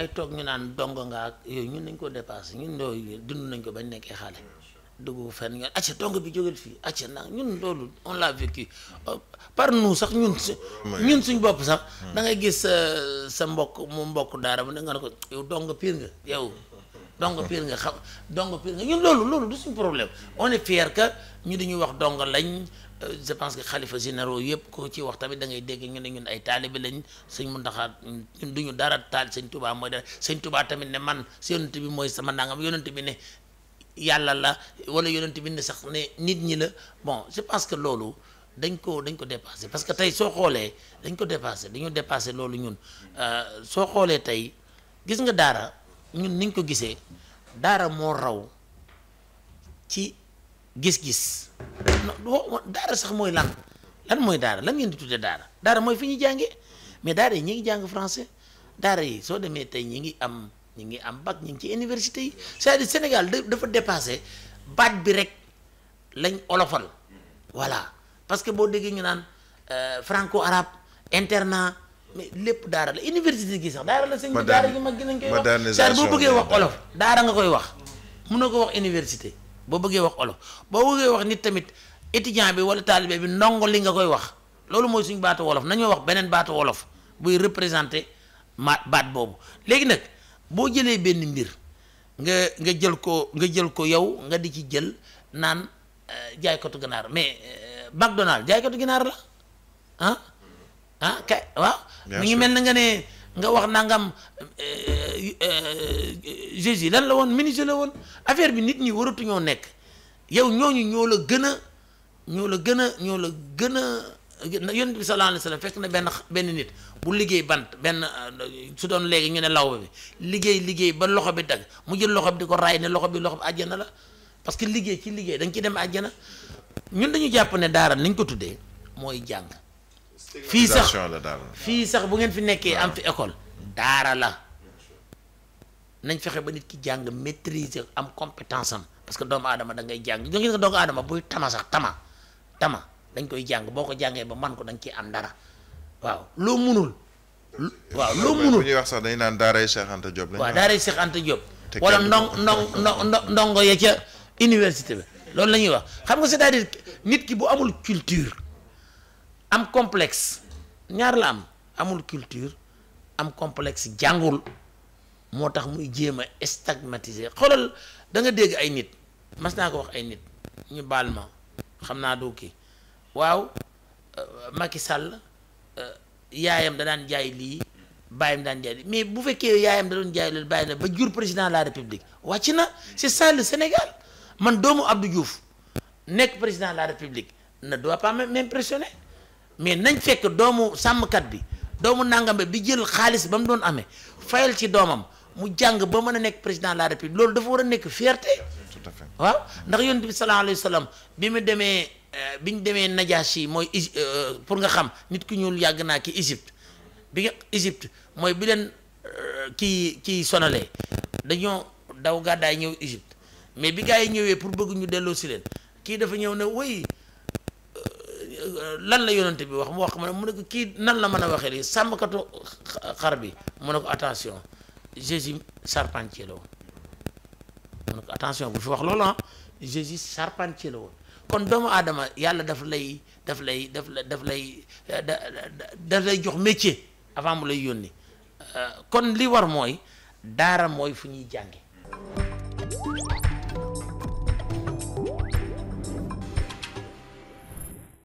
ay toog ñu naan dongo nga ak ñun nañ ko dépassé ñun yooyu dund nañ ko bañ nekkee xale dugg fenn ngeen acca dongo bi jógel fii acca ndax ñun loolu on l'a vécu oh, par nous sax ñun ñun suñ bopp sax hmm. da ngay gis sa sa mbokk mu mbokk daara bu ne nga ne ko yow dongo pire nga yow dongo piir nga xam dongo piir nga ñun loolu loolu du suñu problème on est fier que ñu dañuy wax dongo lañ euh, je pense que xalifa généraux yëpp ko ci wax tamit da dégg ñu ne ñun ay taalibe lañ sëñ Muntaxa ñun duñu dara taal sëñ Tuubaa mooy dara sëñ Tuubaa tamit ne man si yonent bi mooy sama nangam yonent bi ne yàlla la wala yonent bi ne sax ne nit ñi la bon je pense que loolu dañ ko dañ ko dépassé parce que tey soo xoolee dañ ko dépassé dañoo dépassé loolu ñun euh, soo xoolee tey gis nga daara ñun niñ ko gisee daara moo raw ci gis-gis daara sax mooy lan lan mooy daara lan ngeen di tuddee daara daara mooy fi ñuy jàngee mais daara yi ñi ngi jàng français daara yi soo demee tey ñi ngi am ñi ngi am bac ñi ngi ci université yi cest à Sénégal dafa dépassé baat bi rek lañ olofal voilà parce que boo déggee ñu naan euh, franco arabe internat mais lépp daara la université gi sax daara la sëñ bi daara gi mag gi lañ koy wax saa boo bëggee wax olof daara nga koy wax mun mënoo ko wax université boo bëggee wax olof boo bëggee wax nit tamit étudiant bi wala taalibe bi ndongo li nga koy wax loolu mooy suñ baatu wolof nañoo wax beneen baatu wolof buy représenté ma baat boobu léegi nag boo jëlee benn mbir nga nga jël ko nga jël ko yow nga di ci jël naan euh, jaaykatu ganaar mais euh, McDonald jaaykatu ganaar la ah? ah kay waaw. mu ngi mel na nga ne nga wax nangam eh, eh, eh, Jésus lan la woon ministre la woon affaire bi nit ñi waratuñoo nekk yow ñoo ñu ñoo la gën a ñoo la gën a ñoo la gën a yonent bi sallallahu alayhi wa sallam fekk na benn benn nit bu liggéey bant benn su doon léegi ñu ne law liggéey liggéey ba loxo bi dagg mu jël loxo bi di ko raay ne loxo bi loxo bi àjjana la parce que liggéey ci liggéey da nga ciy dem àjjana ñun dañu jàpp ne daara niñ ko tuddee mooy jàng. fii sax fii sax bu ngeen fi nekkee am fi école daara la nañ fexe ba nit ki jàng maîtriser am compétence am parce que doomu aadama da ngay jàng ñoo ngi aadama buy tama sax tama tama dañ koy jàng boo ko jàngee ba man ko dañ ciy am dara waaw loo munul. waaw loo munul bu wax sax dañ naan daaray Cheikh Anta Diop. waaw daaray Cheikh Anta Diop. wala ndong ndong ndongo ya ca université bi loolu la ñuy wax xam nga cest nit ki bu amul culture. am complex ñaar la am amul culture am complex jàngul moo tax muy jéem a stigmatiser xoolal da nga dégg ay nit mas naa ko wax ay nit ñu baal ma xam naa doo kii waaw euh, Macky Sall euh, yaayam da daan jaay lii bàyyam daan jaay lii mais bu fekkee yaayam da doon jaay loolu bàyyi la ba jur président de la république wàcc na c'est ça le Sénégal man doomu Abdou Diouf nekk président la république ne doit pas m'impressionner mais nañ fekk doomu sàmmkat bi doomu nàngame bi jël xaalis ba mu doon amee fayal ci doomam mu jàng ba mën a nekk président la république loolu dafa war a nekk fierté tout waaw ndax yonent bi sallallahu alayhi bi mu demee euh, bi ñu demee Najaasi mooy euh, pour nga xam nit ki ñuul yàgg naa ki Égypte bi nga Égypte mooy bi leen euh, kii kii dañoo daw gàddaay ñëw Égypte mais bi gars yi ñëwee pour bëgg ñu delloo si leen kii dafa ñëw ne woy lan la yonante bi wax mu wax ma ne kii nan la mën a waxee lii sàmmkatu xar bi mu ne ko attention Jésus charpentier la woon mu ne ko attention bu fi wax loolu ah Jésus charpentier la woon kon doomu aadama yàlla daf lay daf lay daf lay daf lay eh, daf lay jox métier avant mu lay yónni eh, kon li war mooy daara mooy fu ñuy jànge